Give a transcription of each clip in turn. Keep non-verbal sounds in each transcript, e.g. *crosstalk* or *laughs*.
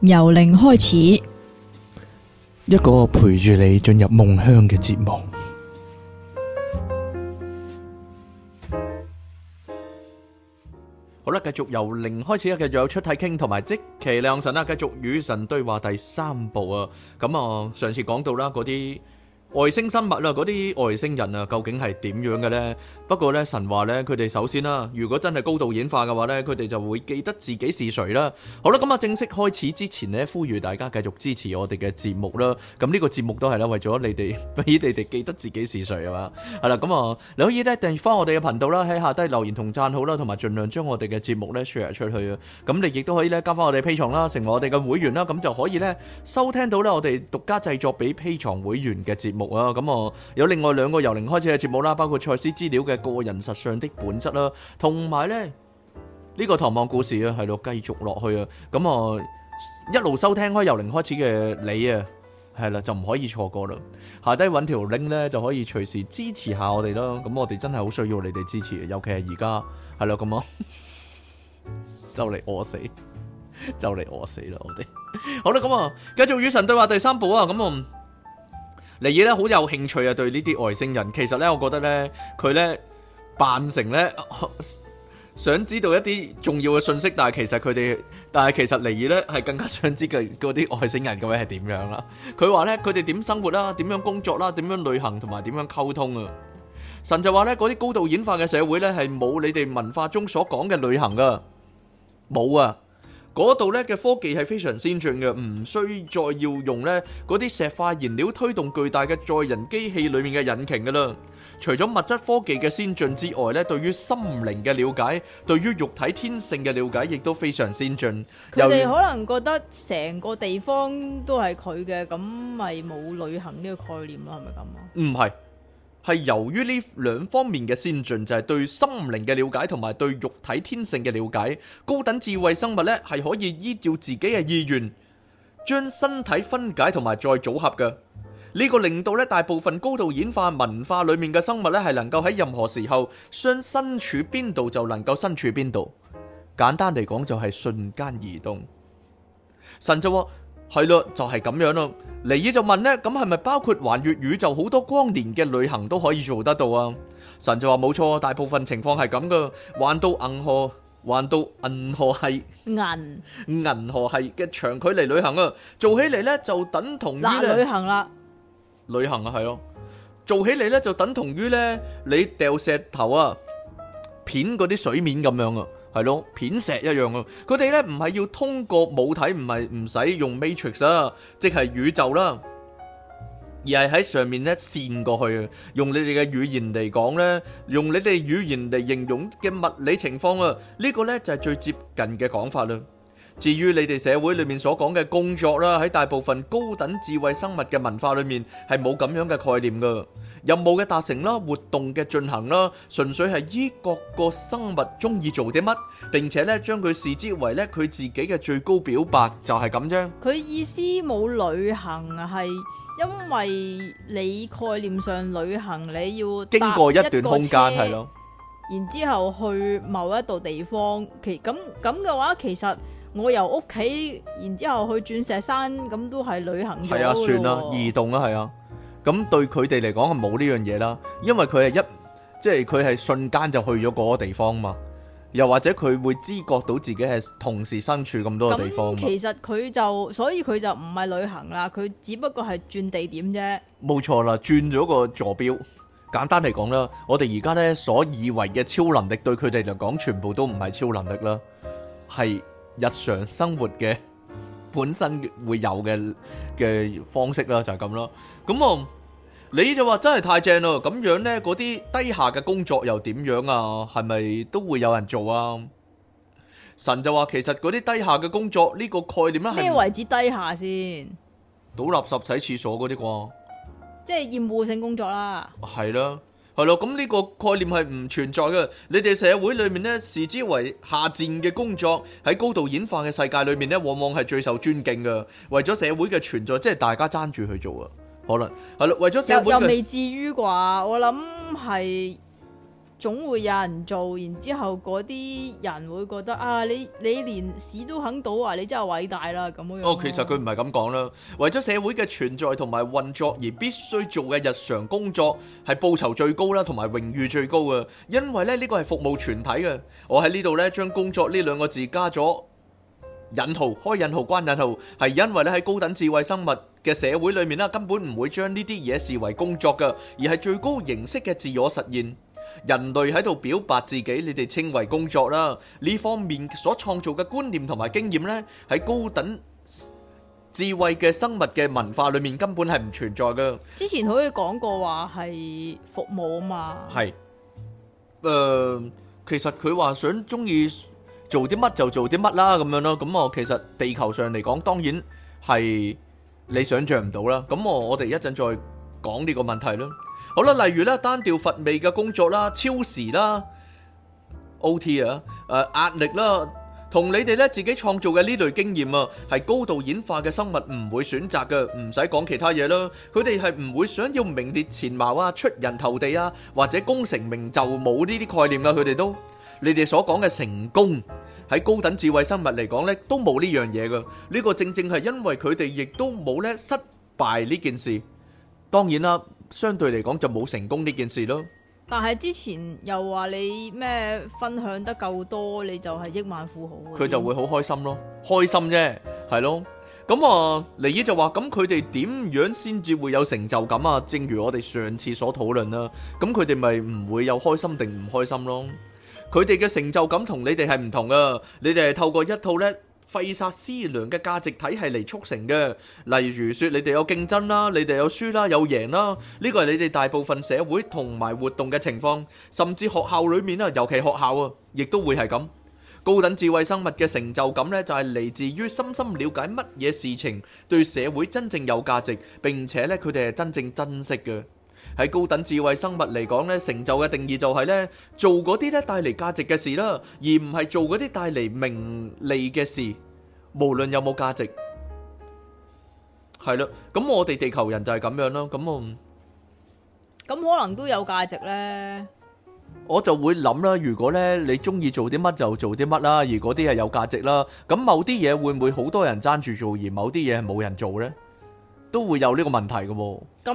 由零開始，一個陪住你進入夢鄉嘅節目。好啦，繼續由零開始啊，繼續出體有出體傾，同埋即其亮神啦，繼續與神對話第三部啊。咁啊，上次講到啦，嗰啲。外星生物啦，嗰啲外星人啊，究竟係點樣嘅咧？不過咧，神話咧，佢哋首先啦，如果真係高度演化嘅話咧，佢哋就會記得自己是誰啦。好啦，咁啊，正式開始之前咧，呼籲大家繼續支持我哋嘅節目啦。咁呢個節目都係啦，為 *laughs* 咗你哋俾你哋記得自己是誰啊嘛。係啦，咁啊，你可以咧訂閱翻我哋嘅頻道啦，喺下低留言同讚好啦，同埋盡量將我哋嘅節目咧 share 出去啊。咁你亦都可以咧加翻我哋 Patreon 啦，成為我哋嘅會員啦，咁就可以咧收聽到咧我哋獨家製作俾 Patreon 會員嘅節目。目啊，咁啊、嗯嗯嗯、有另外兩個由零開始嘅節目啦，包括賽斯資料嘅個人實相的本質啦，同埋咧呢、這個唐望故事啊，係咯繼續落去啊，咁、嗯、啊、嗯嗯、一路收聽開由零開始嘅你啊，係啦就唔可以錯過啦，下低揾條 link 咧就可以隨時支持下我哋咯，咁、嗯、我哋真係好需要你哋支持，尤其係而家係咯咁啊，就嚟餓死，就嚟餓死啦，我哋好啦，咁啊繼續與神對話第三部啊，咁、嗯、啊。嗯尼爾咧好有興趣啊，對呢啲外星人，其實咧我覺得咧佢咧扮成咧，想知道一啲重要嘅信息，但係其實佢哋，但係其實尼爾咧係更加想知嘅嗰啲外星人究竟係點樣啦。佢話咧佢哋點生活啦，點樣工作啦，點樣旅行同埋點樣溝通啊。神就話咧嗰啲高度演化嘅社會咧係冇你哋文化中所講嘅旅行噶，冇啊。嗰度咧嘅科技係非常先進嘅，唔需再要用咧嗰啲石化燃料推動巨大嘅載人機器裏面嘅引擎噶啦。除咗物質科技嘅先進之外咧，對於心靈嘅瞭解，對於肉體天性嘅瞭解，亦都非常先進。人哋可能覺得成個地方都係佢嘅，咁咪冇旅行呢個概念囉，係咪咁啊？唔係。係由於呢兩方面嘅先進，就係、是、對心靈嘅了解同埋對肉體天性嘅了解，高等智慧生物呢係可以依照自己嘅意願，將身體分解同埋再組合嘅。呢、這個令到呢大部分高度演化文化裡面嘅生物呢，係能夠喺任何時候，想身處邊度就能夠身處邊度。簡單嚟講就係瞬間移動。神就話。係咯，就係、是、咁樣咯。尼爾就問咧，咁係咪包括環遊宇宙就好多光年嘅旅行都可以做得到啊？神就話冇錯，大部分情況係咁噶，玩到銀河，玩到銀河系，銀銀銀河系嘅長距離旅行啊，做起嚟咧就等同於旅行啦，旅行啊係咯，做起嚟咧就等同於咧你掉石頭啊，片嗰啲水面咁樣啊。係咯，片石一樣咯。佢哋咧唔係要通過母體，唔係唔使用 Matrix 啊，即係宇宙啦，而係喺上面咧線過去。用你哋嘅語言嚟講咧，用你哋語言嚟形容嘅物理情況啊，呢個咧就係最接近嘅講法啦。至於你哋社會裏面所講嘅工作啦，喺大部分高等智慧生物嘅文化裏面係冇咁樣嘅概念噶。任務嘅達成啦，活動嘅進行啦，純粹係依各個生物中意做啲乜，並且咧將佢視之為咧佢自己嘅最高表白，就係咁啫。佢意思冇旅行係因為你概念上旅行你要經過一段空間係咯，然之後去某一度地方，其咁咁嘅話其實。我由屋企，然之後去鑽石山，咁都係旅行咗咯。係啊，算啦，移動啊，係啊。咁對佢哋嚟講，冇呢樣嘢啦，因為佢係一，即係佢係瞬間就去咗嗰個地方嘛。又或者佢會知覺到自己係同時身處咁多個地方。咁其實佢就，所以佢就唔係旅行啦，佢只不過係轉地點啫。冇錯啦，轉咗個坐標。簡單嚟講啦，我哋而家呢，所以為嘅超能力，對佢哋嚟講，全部都唔係超能力啦，係。日常生活嘅本身會有嘅嘅方式啦，就係咁咯。咁、嗯、我你就話真係太正咯。咁樣咧，嗰啲低下嘅工作又點樣啊？係咪都會有人做啊？神就話其實嗰啲低下嘅工作呢、這個概念咧，咩謂之低下先？倒垃圾洗廁、洗廁所嗰啲啩？即係厭惡性工作啦。係啦。係咯，咁呢、嗯，這個概念係唔存在嘅。你哋社會裏面呢，視之為下賤嘅工作，喺高度演化嘅世界裏面呢，往往係最受尊敬嘅。為咗社會嘅存在，即係大家爭住去做啊，可能係咯、嗯。為咗社會又，又未至於啩，我諗係。總會有人做，然之後嗰啲人會覺得啊，你你連屎都肯倒啊，你真係偉大啦咁樣。哦，其實佢唔係咁講啦，為咗社會嘅存在同埋運作而必須做嘅日常工作係報酬最高啦，同埋榮譽最高啊。因為咧呢個係服務全體嘅。我喺呢度咧將工作呢兩個字加咗引號，開引號關引號，係因為咧喺高等智慧生物嘅社會裡面咧根本唔會將呢啲嘢視為工作㗎，而係最高形式嘅自我實現。人類喺度表白自己，你哋稱為工作啦。呢方面所創造嘅觀念同埋經驗呢，喺高等智慧嘅生物嘅文化裡面根本係唔存在噶。之前好似講過話係服務啊嘛。係，誒、呃，其實佢話想鍾意做啲乜就做啲乜啦，咁樣咯。咁我其實地球上嚟講，當然係你想象唔到啦。咁我我哋一陣再講呢個問題啦。好啦，例如咧，單調乏味嘅工作啦、超時啦、OT 啊、誒，壓力啦，同你哋咧，自己創造嘅呢類經驗啊，係高度演化嘅生物唔會選擇嘅，唔使講其他嘢啦，佢哋係唔會想要名列前茅啊、出人頭地啊，或者功成名就，冇呢啲概念啦。佢哋都，你哋所講嘅成功喺高等智慧生物嚟講咧，都冇呢樣嘢嘅。呢個正正係因為佢哋亦都冇咧，失敗呢件事。當然啦。相對嚟講就冇成功呢件事咯。但係之前又話你咩分享得夠多，你就係億萬富豪。佢就會好開心咯，開心啫，係咯。咁、嗯、啊，尼爾就話咁佢哋點樣先至會有成就感啊？正如我哋上次所討論啦，咁佢哋咪唔會有開心定唔開心咯？佢哋嘅成就感你同你哋係唔同啊，你哋係透過一套咧。廢殺思量嘅價值體系嚟促成嘅，例如說你哋有競爭啦，你哋有輸啦，有贏啦，呢個係你哋大部分社會同埋活動嘅情況，甚至學校裏面啦，尤其學校啊，亦都會係咁。高等智慧生物嘅成就感呢，就係嚟自於深深了解乜嘢事情對社會真正有價值，並且呢，佢哋係真正珍惜嘅。喺高等智慧生物嚟講呢，成就嘅定義就係呢做嗰啲呢帶嚟價值嘅事啦，而唔係做嗰啲帶嚟名利嘅事。無論有冇價值，係啦。咁我哋地球人就係咁樣囉。咁啊，咁可能都有價值呢。我就會諗啦，如果呢你中意做啲乜就做啲乜啦，而嗰啲係有價值啦。咁某啲嘢會唔會好多人爭住做，而某啲嘢係冇人做呢？都會有呢個問題嘅。咁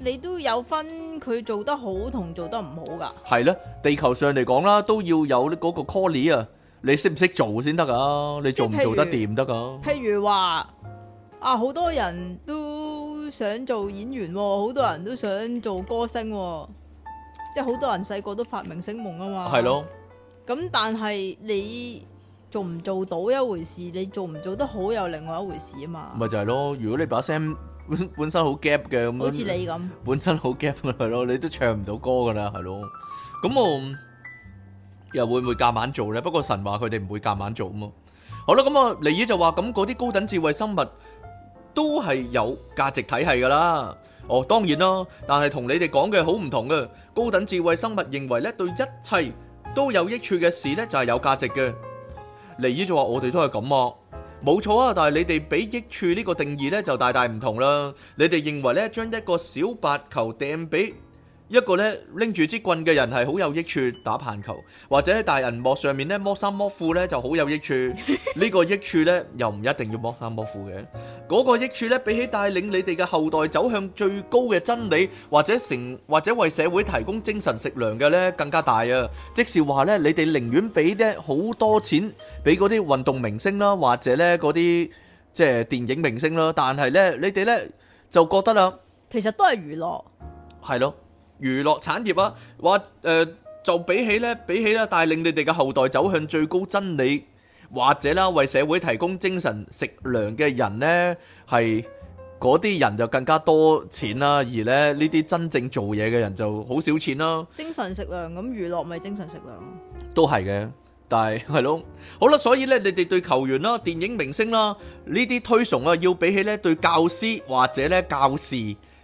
你都有分佢做得好同做得唔好噶，係咯。地球上嚟講啦，都要有嗰個 call 啊，你識唔識做先得噶？你做唔做得掂得噶？譬如話啊，好多人都想做演員，好多人都想做歌星，即係好多人細個都發明星夢啊嘛。係咯的。咁但係你做唔做到一回事，你做唔做得好有另外一回事啊嘛。咪就係咯，如果你把聲。本本身好 gap 嘅，咁，好似你咁，本身好 gap，係咯，你都唱唔到歌噶啦，係咯。咁我又會唔會夾硬做咧？不過神話佢哋唔會夾硬做啊嘛。好啦，咁啊，尼爾就話咁嗰啲高等智慧生物都係有價值體系噶啦。哦，當然啦，但係同你哋講嘅好唔同嘅。高等智慧生物認為咧，對一切都有益處嘅事咧，就係有價值嘅。尼爾就話我哋都係咁啊。冇錯啊，但係你哋俾益處呢個定義咧就大大唔同啦。你哋認為咧，將一個小白球掟俾一個咧拎住支棍嘅人係好有益處，打棒球或者喺大銀幕上面咧摸衫摸褲咧就好有益處。呢 *laughs* 個益處咧又唔一定要摸衫摸褲嘅。嗰、那個益處咧比起帶領你哋嘅後代走向最高嘅真理，或者成或者為社會提供精神食糧嘅咧更加大啊！即是話咧，你哋寧願俾啲好多錢俾嗰啲運動明星啦，或者咧嗰啲即係電影明星啦，但係咧你哋咧就覺得啦、啊，其實都係娛樂，係咯。娛樂產業啊，話誒就比起咧，比起咧帶領你哋嘅後代走向最高真理，或者啦，為社會提供精神食糧嘅人咧，係嗰啲人就更加多錢啦，而咧呢啲真正做嘢嘅人就好少錢咯。精神食糧，咁娛樂咪精神食糧，都係嘅，但係係咯，好啦，所以咧你哋對球員啦、電影明星啦呢啲推崇啊，要比起咧對教師或者咧教士，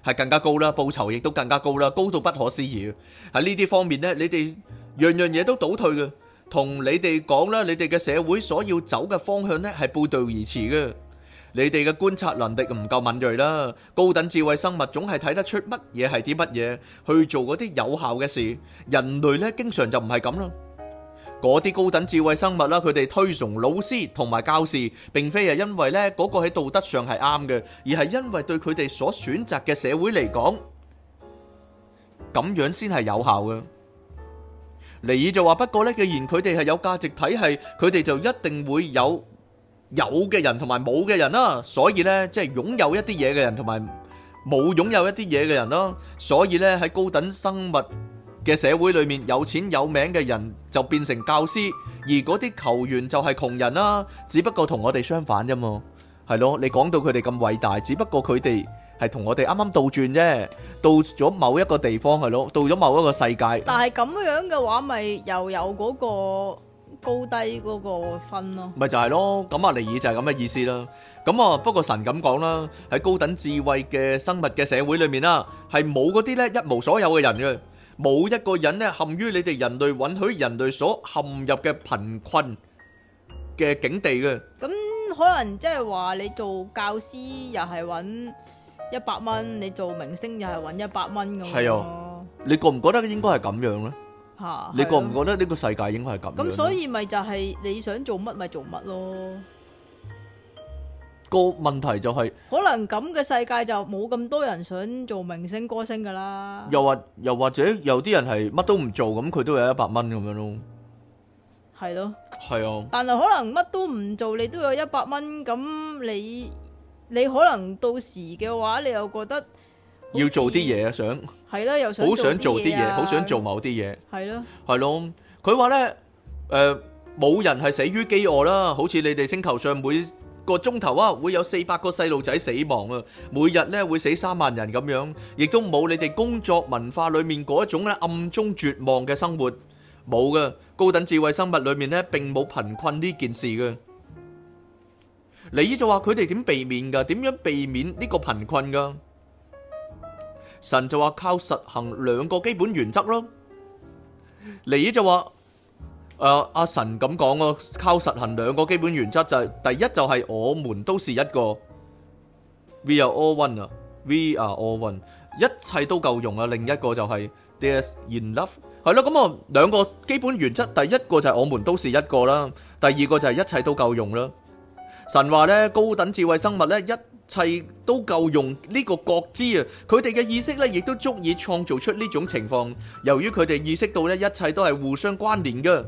係更加高啦，報酬亦都更加高啦，高到不可思議。喺呢啲方面呢，你哋樣樣嘢都倒退嘅，同你哋講啦，你哋嘅社會所要走嘅方向呢係背道而馳嘅。你哋嘅觀察能力唔夠敏鋭啦，高等智慧生物總係睇得出乜嘢係啲乜嘢，去做嗰啲有效嘅事。人類呢，經常就唔係咁啦。嗰啲高等智慧生物啦，佢哋推崇老師同埋教士，並非係因為呢嗰個喺道德上係啱嘅，而係因為對佢哋所選擇嘅社會嚟講，咁樣先係有效嘅。尼爾就話，不過呢，既然佢哋係有價值體系，佢哋就一定會有有嘅人同埋冇嘅人啦。所以呢，即係擁有一啲嘢嘅人同埋冇擁有一啲嘢嘅人咯。所以呢，喺高等生物。嘅社會裏面有錢有名嘅人就變成教師，而嗰啲球員就係窮人啦。只不過同我哋相反啫嘛，係咯，你講到佢哋咁偉大，只不過佢哋係同我哋啱啱倒轉啫。到咗某一個地方係咯，到咗某一個世界。但係咁樣嘅話，咪又有嗰個高低嗰個分咯？咪就係咯，咁啊，尼爾就係咁嘅意思啦。咁啊，不過神咁講啦，喺高等智慧嘅生物嘅社會裏面啦，係冇嗰啲咧一無所有嘅人嘅。冇一個人咧陷於你哋人類允許人類所陷入嘅貧困嘅境地嘅。咁可能即係話你做教師又係搵一百蚊，你做明星又係搵一百蚊咁咯。係啊，你覺唔覺得應該係咁樣咧？吓，你覺唔覺得呢個世界應該係咁？咁所以咪就係你想做乜咪做乜咯。個問題就係可能咁嘅世界就冇咁多人想做明星歌星噶啦，又或又或者有啲人係乜都唔做咁，佢都有一百蚊咁樣咯，係咯，係啊，但係可能乜都唔做，你都有一百蚊，咁你你可能到時嘅話，你又覺得要做啲嘢啊，想係咯，又想好想做啲嘢，好想做某啲嘢，係咯，係咯，佢話呢，誒，冇人係死於飢餓啦，好似你哋星球上每。個鐘頭啊，會有四百個細路仔死亡啊，每日咧會死三萬人咁樣，亦都冇你哋工作文化裏面嗰一種咧暗中絕望嘅生活，冇噶，高等智慧生物裏面咧並冇貧困呢件事噶。尼依就話佢哋點避免噶？點樣避免呢個貧困噶？神就話靠實行兩個基本原則咯。尼依就話。誒，阿神咁講咯，靠實行兩個基本原則就係，第一就係我們都是一個，we are all one 啊，we are all one，一切都夠用啊，另一個就係 there's enough，係咯，咁啊兩個基本原則，第一個就係我們都是一個啦，第二個就係一切都夠用啦。神話咧，高等智慧生物咧，一切都夠用呢個覺知啊，佢哋嘅意識咧，亦都足以創造出呢種情況。由於佢哋意識到咧，一切都係互相關聯嘅。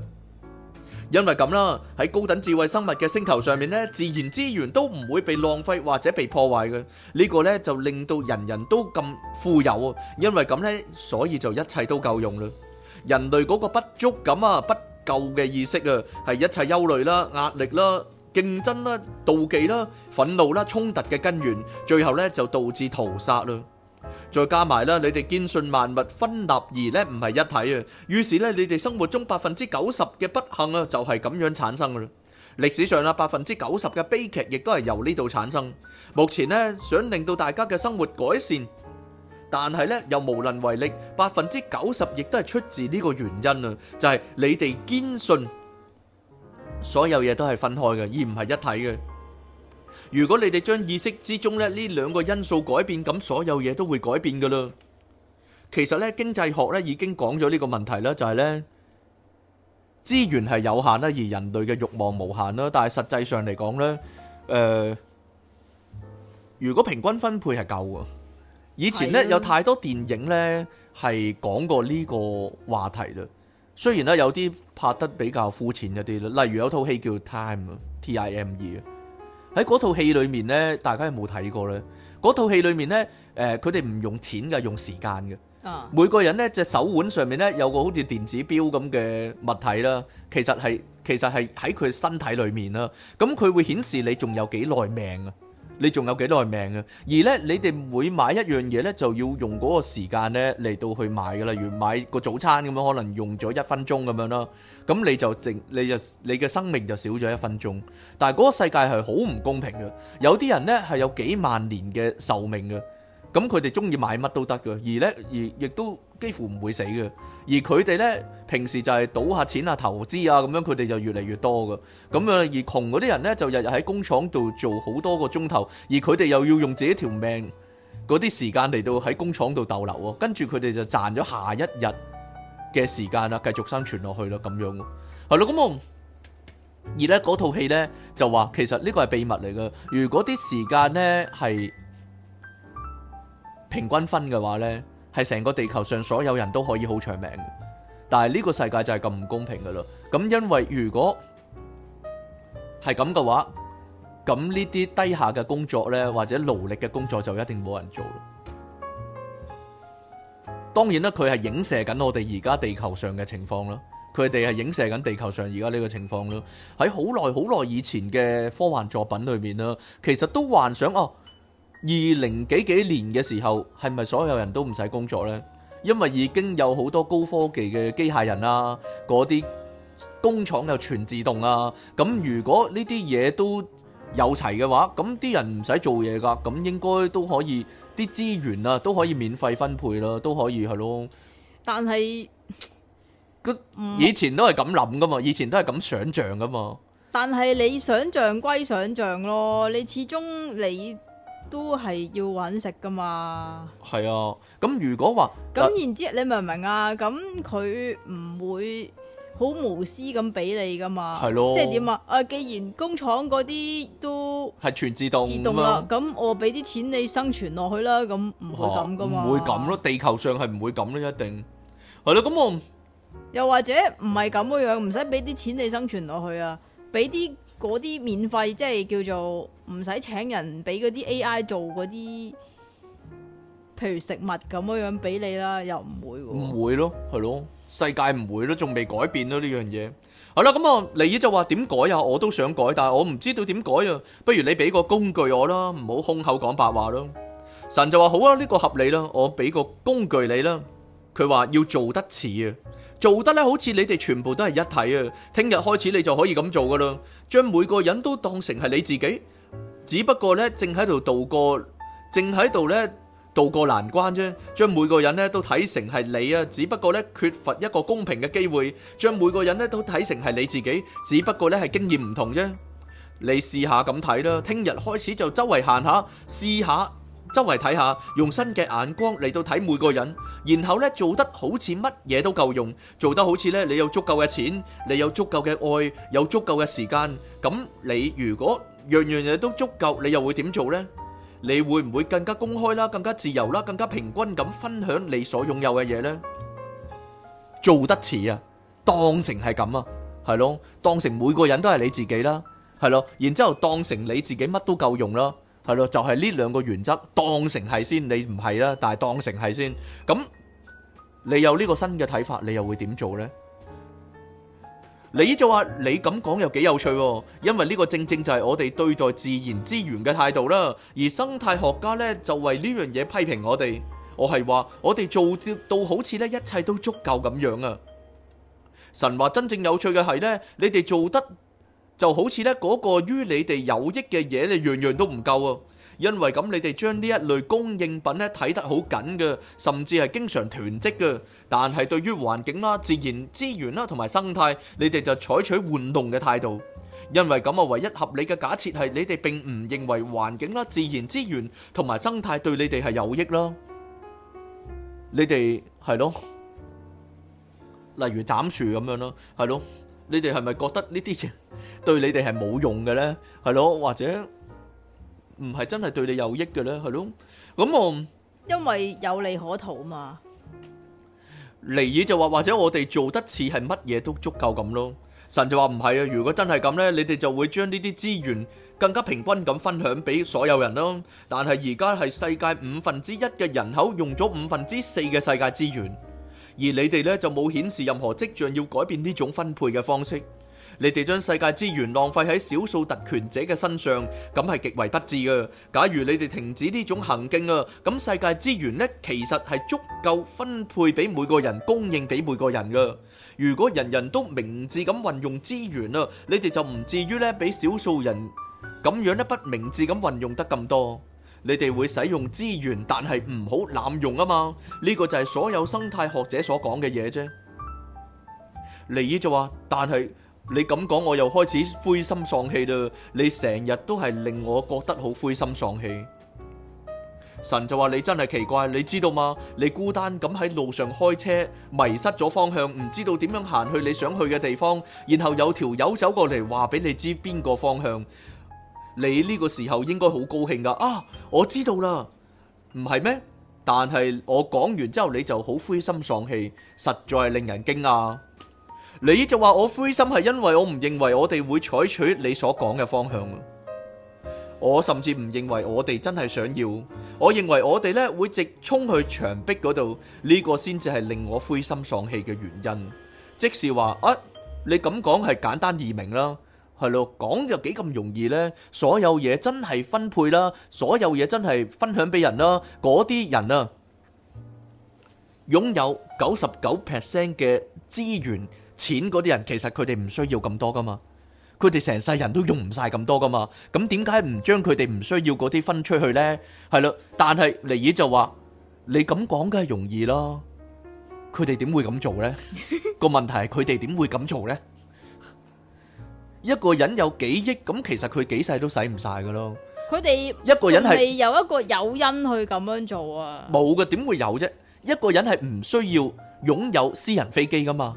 因為咁啦，喺高等智慧生物嘅星球上面咧，自然資源都唔會被浪費或者被破壞嘅。呢個咧就令到人人都咁富有，因為咁咧，所以就一切都夠用啦。人類嗰個不足感啊，不夠嘅意識啊，係一切憂慮啦、壓力啦、競爭啦、妒忌啦、憤怒啦、衝突嘅根源，最後咧就導致屠殺啦。再加埋啦，你哋堅信萬物分立而咧唔係一體啊。於是咧，你哋生活中百分之九十嘅不幸啊，就係咁樣產生噶啦。歷史上啦，百分之九十嘅悲劇亦都係由呢度產生。目前咧，想令到大家嘅生活改善，但係咧又無能為力。百分之九十亦都係出自呢個原因啊，就係你哋堅信所有嘢都係分開嘅，而唔係一體嘅。如果你哋將意識之中咧呢兩個因素改變，咁所有嘢都會改變㗎啦。其實咧，經濟學咧已經講咗呢個問題啦，就係、是、咧資源係有限啦，而人類嘅慾望無限啦。但係實際上嚟講咧，誒、呃，如果平均分配係夠嘅。以前咧的有太多電影咧係講過呢個話題啦。雖然咧有啲拍得比較膚淺一啲啦，例如有套戲叫 Time,《Time》T I M E。喺嗰套戲裏面咧，大家有冇睇過咧？嗰套戲裏面咧，誒佢哋唔用錢㗎，用時間嘅。每個人咧隻手腕上面咧有個好似電子錶咁嘅物體啦，其實係其實係喺佢身體裏面啦。咁佢會顯示你仲有幾耐命啊！你仲有幾耐命嘅啊？而咧，你哋每買一樣嘢咧，就要用嗰個時間咧嚟到去買嘅啦。如買個早餐咁樣，可能用咗一分鐘咁樣咯。咁你就淨，你就，你嘅生命就少咗一分鐘。但係嗰個世界係好唔公平嘅，有啲人咧係有幾萬年嘅壽命嘅，咁佢哋鍾意買乜都得嘅，而咧而亦都幾乎唔會死嘅。而佢哋呢，平時就係賭下錢啊、投資啊咁樣，佢哋就越嚟越多噶。咁樣，而窮嗰啲人呢，就日日喺工廠度做好多個鐘頭，而佢哋又要用自己條命嗰啲時間嚟到喺工廠度逗留喎、啊。跟住佢哋就賺咗下一日嘅時間啦、啊，繼續生存落去咯，咁樣喎。係咯，咁啊，而呢嗰套戲呢，就話，其實呢個係秘密嚟噶。如果啲時間呢係平均分嘅話呢，係成個地球上所有人都可以好長命，但係呢個世界就係咁唔公平噶啦。咁因為如果係咁嘅話，咁呢啲低下嘅工作呢，或者勞力嘅工作就一定冇人做啦。當然啦，佢係影射緊我哋而家地球上嘅情況咯，佢哋係影射緊地球上而家呢個情況咯。喺好耐好耐以前嘅科幻作品裏面啦，其實都幻想哦。二零幾幾年嘅時候，係咪所有人都唔使工作呢？因為已經有好多高科技嘅機械人啊，嗰啲工廠又全自動啊。咁如果呢啲嘢都有齊嘅話，咁啲人唔使做嘢噶，咁應該都可以，啲資源啊都可以免費分配啦，都可以係咯。但係，個以前都係咁諗噶嘛，以前都係咁想象噶嘛。但係你想象歸想象咯，你始終你。都係要揾食噶嘛，係啊。咁如果話咁，然之後、啊、你明唔明啊？咁佢唔會好無私咁俾你噶嘛？係咯，即係點啊？啊，既然工廠嗰啲都係全自動，自動啦，咁我俾啲錢你生存落去啦，咁唔會咁噶嘛？唔、啊、會咁咯，地球上係唔會咁咯，一定係啦。咁、啊、我又或者唔係咁嘅樣，唔使俾啲錢你生存落去啊，俾啲嗰啲免費，即係叫做。唔使請人俾嗰啲 AI 做嗰啲，譬如食物咁樣樣俾你啦，又唔會喎。唔會咯，係咯，世界唔會咯，仲未改變咯呢樣嘢。好啦，咁、嗯、啊，利意就話點改啊？我都想改，但係我唔知道點改啊。不如你俾個工具我啦，唔好空口講白話咯。神就話好啊，呢、這個合理啦，我俾個工具你啦。佢話要做得似啊，做得咧好似你哋全部都係一體啊。聽日開始你就可以咁做噶啦，將每個人都當成係你自己。只不過咧，正喺度度過，正喺度咧渡過難關啫。將每個人咧都睇成係你啊，只不過咧缺乏一個公平嘅機會。將每個人咧都睇成係你自己，只不過咧係經驗唔同啫。你試下咁睇啦，聽日開始就周圍行下，試下周圍睇下，用新嘅眼光嚟到睇每個人，然後咧做得好似乜嘢都夠用，做得好似咧你有足夠嘅錢，你有足夠嘅愛，有足夠嘅時間。咁你如果樣樣嘢都足夠，你又會點做呢？你會唔會更加公開啦、更加自由啦、更加平均咁分享你所擁有嘅嘢呢？做得似啊，當成係咁啊，係咯，當成每個人都係你自己啦，係咯，然之後當成你自己乜都夠用啦，係咯，就係呢兩個原則，當成係先，你唔係啦，但係當成係先，咁你有呢個新嘅睇法，你又會點做呢？你就話你咁講又幾有趣喎。因為呢個正正就係我哋對待自然資源嘅態度啦。而生態學家呢，就為呢樣嘢批評我哋。我係話我哋做到好似呢一切都足夠咁樣啊。神話真正有趣嘅係呢，你哋做得就好似呢嗰個於你哋有益嘅嘢，你樣樣都唔夠啊。因為咁，你哋將呢一類供應品咧睇得好緊嘅，甚至係經常囤積嘅。但係對於環境啦、自然資源啦同埋生態，你哋就採取玩弄嘅態度。因為咁啊，唯一合理嘅假設係你哋並唔認為環境啦、自然資源同埋生態對你哋係有益咯。你哋係咯，例如斬樹咁樣咯，係咯。你哋係咪覺得呢啲嘢對你哋係冇用嘅呢？係咯，或者？唔係真係對你有益嘅咧，係咯？咁我唔，因為有利可圖嘛，尼爾就話或者我哋做得似係乜嘢都足夠咁咯。神就話唔係啊，如果真係咁咧，你哋就會將呢啲資源更加平均咁分享俾所有人咯。但係而家係世界五分之一嘅人口用咗五分之四嘅世界資源，而你哋咧就冇顯示任何跡象要改變呢種分配嘅方式。你哋將世界資源浪費喺少數特權者嘅身上，咁係極為不智嘅。假如你哋停止呢種行徑啊，咁世界資源呢其實係足夠分配俾每個人，供應俾每個人噶。如果人人都明智咁運用資源啊，你哋就唔至於呢俾少數人咁樣一不明智咁運用得咁多。你哋會使用資源，但係唔好濫用啊嘛。呢個就係所有生態學者所講嘅嘢啫。尼爾就話，但係。你咁講，我又開始灰心喪氣啦！你成日都係令我覺得好灰心喪氣。神就話，你真係奇怪，你知道嗎？你孤單咁喺路上開車，迷失咗方向，唔知道點樣行去你想去嘅地方，然後有條友走過嚟，話俾你知邊個方向，你呢個時候應該好高興噶啊！我知道啦，唔係咩？但係我講完之後，你就好灰心喪氣，實在令人驚訝。你就話我灰心係因為我唔認為我哋會採取你所講嘅方向，我甚至唔認為我哋真係想要，我認為我哋咧會直衝去牆壁嗰度，呢個先至係令我灰心喪氣嘅原因。即是話啊，你咁講係簡單易明啦，係咯，講就幾咁容易呢？所有嘢真係分配啦，所有嘢真係分享俾人啦，嗰啲人啊，擁有九十九 percent 嘅資源。錢嗰啲人其實佢哋唔需要咁多噶嘛，佢哋成世人都用唔晒咁多噶嘛，咁點解唔將佢哋唔需要嗰啲分出去咧？係咯，但係尼爾就話你咁講梗係容易咯，佢哋點會咁做咧？個問題係佢哋點會咁做咧？一個人有幾億咁，其實佢幾世都使唔晒噶咯。佢哋一個人係有一個誘因去咁樣做啊？冇嘅，點會有啫？一個人係唔需要擁有私人飛機噶嘛？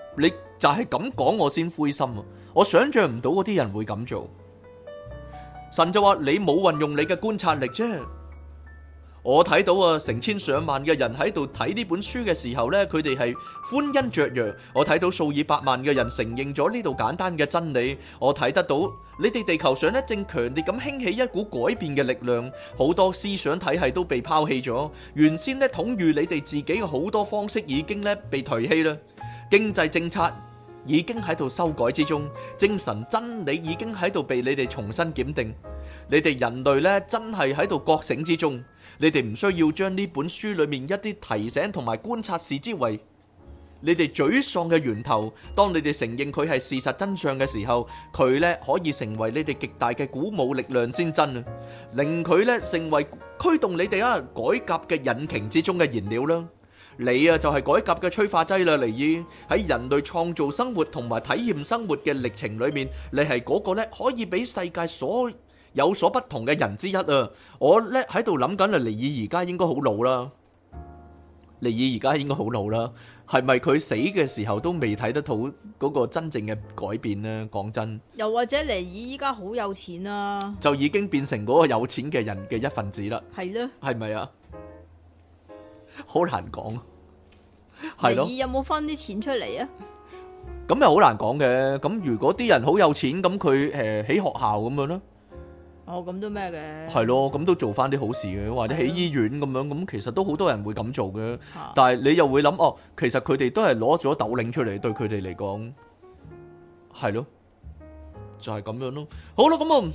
你就係咁講，我先灰心啊！我想象唔到嗰啲人會咁做。神就話：你冇運用你嘅觀察力啫。我睇到啊，成千上萬嘅人喺度睇呢本書嘅時候咧，佢哋係歡欣雀躍。我睇到數以百萬嘅人承認咗呢度簡單嘅真理。我睇得到你哋地球上咧正強烈咁興起一股改變嘅力量，好多思想體系都被拋棄咗。原先咧統御你哋自己嘅好多方式已經咧被唾棄啦。經濟政策已經喺度修改之中，精神真理已經喺度被你哋重新檢定。你哋人類咧真係喺度覺醒之中。你哋唔需要將呢本書裏面一啲提醒同埋觀察視之為你哋沮喪嘅源頭。當你哋承認佢係事實真相嘅時候，佢呢可以成為你哋極大嘅鼓舞力量先真啊！令佢呢成為驅動你哋啊改革嘅引擎之中嘅燃料啦。你啊就係改革嘅催化劑啦，尼爾，喺人類創造生活同埋體驗生活嘅歷程裏面，你係嗰個呢可以俾世界所。有所不同嘅人之一啊！我咧喺度諗緊啊，尼爾而家應該好老啦。尼爾而家應該好老啦，係咪佢死嘅時候都未睇得到嗰個真正嘅改變呢？講真，又或者尼爾而家好有錢啊？就已經變成嗰個有錢嘅人嘅一份子啦。係咯，係咪啊？好難講，係咯。尼爾有冇分啲錢出嚟啊？咁又好難講嘅。咁如果啲人好有錢，咁佢誒喺學校咁樣咯。哦，咁都咩嘅？係咯，咁都做翻啲好事嘅，或者喺醫院咁樣，咁其實都好多人會咁做嘅。但係你又會諗，哦，其實佢哋都係攞咗豆領出嚟，對佢哋嚟講係咯，就係咁樣咯。好啦，咁啊，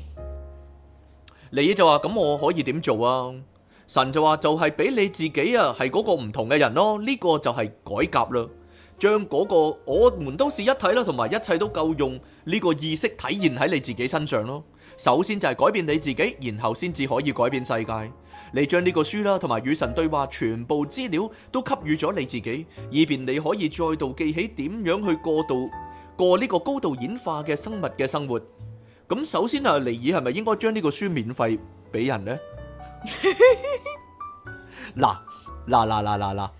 你就話咁我可以點做啊？神就話就係俾你自己啊，係嗰個唔同嘅人咯。呢個就係改革啦，將嗰個我們都是一體啦，同埋一切都夠用呢個意識體現喺你自己身上咯。首先就係改變你自己，然後先至可以改變世界。你將呢個書啦，同埋與神對話全部資料都給予咗你自己，以便你可以再度記起點樣去過渡過呢個高度演化嘅生物嘅生活。咁首先啊，尼爾係咪應該將呢個書免費俾人呢？嗱嗱嗱嗱嗱嗱！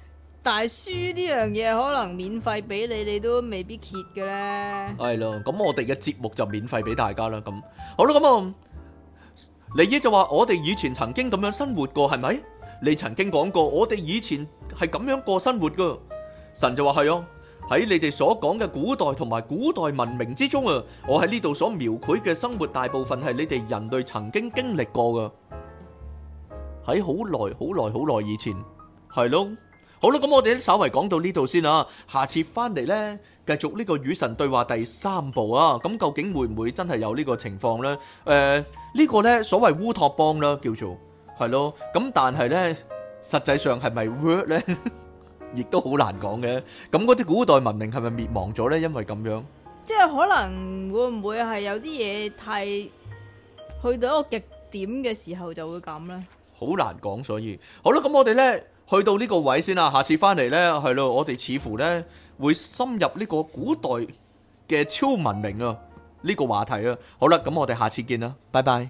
大書呢樣嘢可能免費俾你，你都未必揭嘅咧。係咯，咁我哋嘅節目就免費俾大家啦。咁好啦，咁啊，你呢就話我哋以前曾經咁樣生活過，係咪？你曾經講過我哋以前係咁樣過生活噶。神就話係哦。喺你哋所講嘅古代同埋古代文明之中啊，我喺呢度所描繪嘅生活，大部分係你哋人類曾經經歷過噶。喺好耐好耐好耐以前，係咯。好啦，咁我哋咧稍微講到呢度先啦，下次翻嚟咧繼續呢個與神對話第三部啊，咁究竟會唔會真係有呢個情況咧？誒，呢個咧所謂烏托邦啦，叫做係咯，咁但係咧實際上係咪 real 咧，亦都好難講嘅。咁嗰啲古代文明係咪滅亡咗咧？因為咁樣，即係可能會唔會係有啲嘢太去到一個極點嘅時候就會咁咧？好難講，所以好啦，咁我哋咧。去到呢個位先啦，下次翻嚟呢，係咯，我哋似乎呢會深入呢個古代嘅超文明啊，呢、呢個話題啊，好啦，咁我哋下次見啦，拜拜。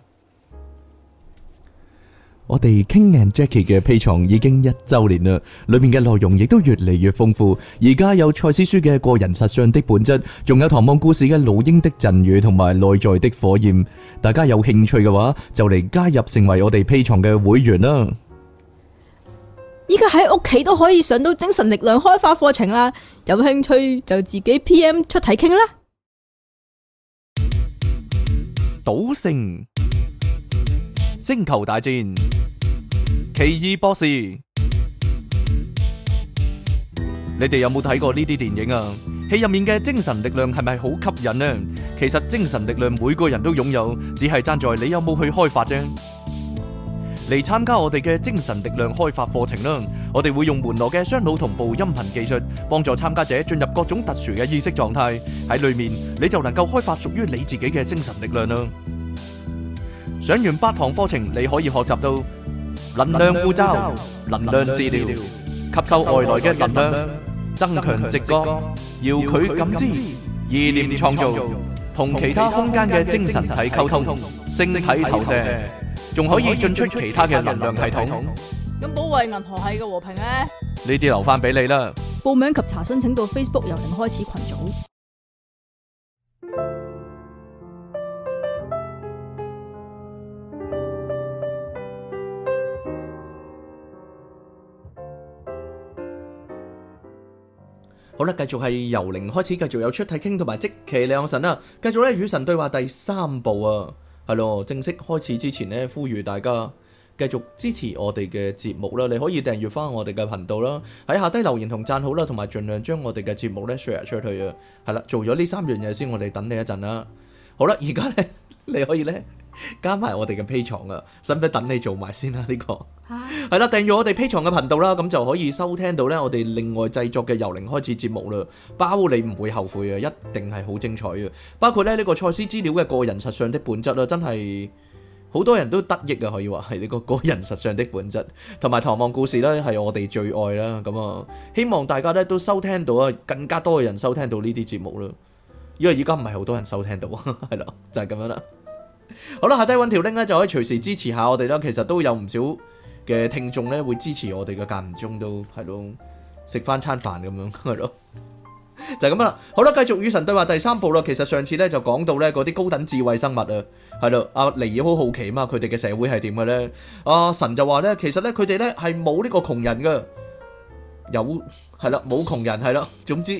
我哋 King and Jackie 嘅 Patreon 已經一周年啦，裏面嘅內容亦都越嚟越豐富，而家有賽斯書嘅個人實相的本質，仲有唐望故事嘅老鷹的贈予同埋內在的火焰，大家有興趣嘅話就嚟加入成為我哋 Patreon 嘅會員啦。依家喺屋企都可以上到精神力量開發課程啦，有興趣就自己 P. M. 出題傾啦。賭聖、星球大戰、奇異博士，你哋有冇睇過呢啲電影啊？戲入面嘅精神力量係咪好吸引呢？其實精神力量每個人都擁有，只係爭在你有冇去開發啫。嚟參加我哋嘅精神力量開發課程啦！我哋會用門羅嘅雙腦同步音頻技術，幫助參加者進入各種特殊嘅意識狀態。喺裏面你就能夠開發屬於你自己嘅精神力量啦！上完八堂課程，你可以學習到能量護罩、能量治療、吸收外來嘅能量、增強直覺、遙距感知、意念創造、同其他空間嘅精神體溝通。.晶體投射仲可以進出其他嘅能量，量系統。咁、嗯、保衛銀河系嘅和平咧？呢啲留翻俾你啦。報名及查詢請到 Facebook 由零開始群組。好啦，繼續係由零開始，繼續有出體傾同埋即期。李愛神啦。繼續咧，與神對話第三部啊！係咯，Hello，正式開始之前呢，呼籲大家繼續支持我哋嘅節目啦。你可以訂閱翻我哋嘅頻道啦，喺下低留言同讚好啦，同埋盡量將我哋嘅節目呢 share 出去啊。係啦，做咗呢三樣嘢先，我哋等你一陣啦。好啦，而家呢。你可以咧加埋我哋嘅 Patreon 啊，使唔使等你做埋先啦？呢個係啦，訂閱我哋 Patreon 嘅頻道啦，咁就可以收聽到咧我哋另外製作嘅由零開始節目啦，包你唔會後悔啊，一定係好精彩啊！包括咧呢個賽斯資料嘅個人實相的本質啦，真係好多人都得益啊，可以話係呢個個人實相的本質，同埋唐望故事呢，係我哋最愛啦。咁啊，希望大家咧都收聽到啊，更加多嘅人收聽到呢啲節目啦。因為而家唔係好多人收聽到，係 *laughs* 咯，就係、是、咁樣啦。 *laughs* 好啦，下低揾條鈴咧，就可以隨時支持下我哋啦。其實都有唔少嘅聽眾咧，會支持我哋嘅。間唔中都係咯，食翻餐飯咁樣，係咯， *laughs* 就係咁啦。好啦，繼續與神對話第三部啦。其實上次咧就講到咧嗰啲高等智慧生物啊，係咯，阿尼爾好好奇嘛啊，佢哋嘅社會係點嘅咧？阿神就話咧，其實咧佢哋咧係冇呢，呢個窮人嘅。有係啦，冇窮人係啦，總之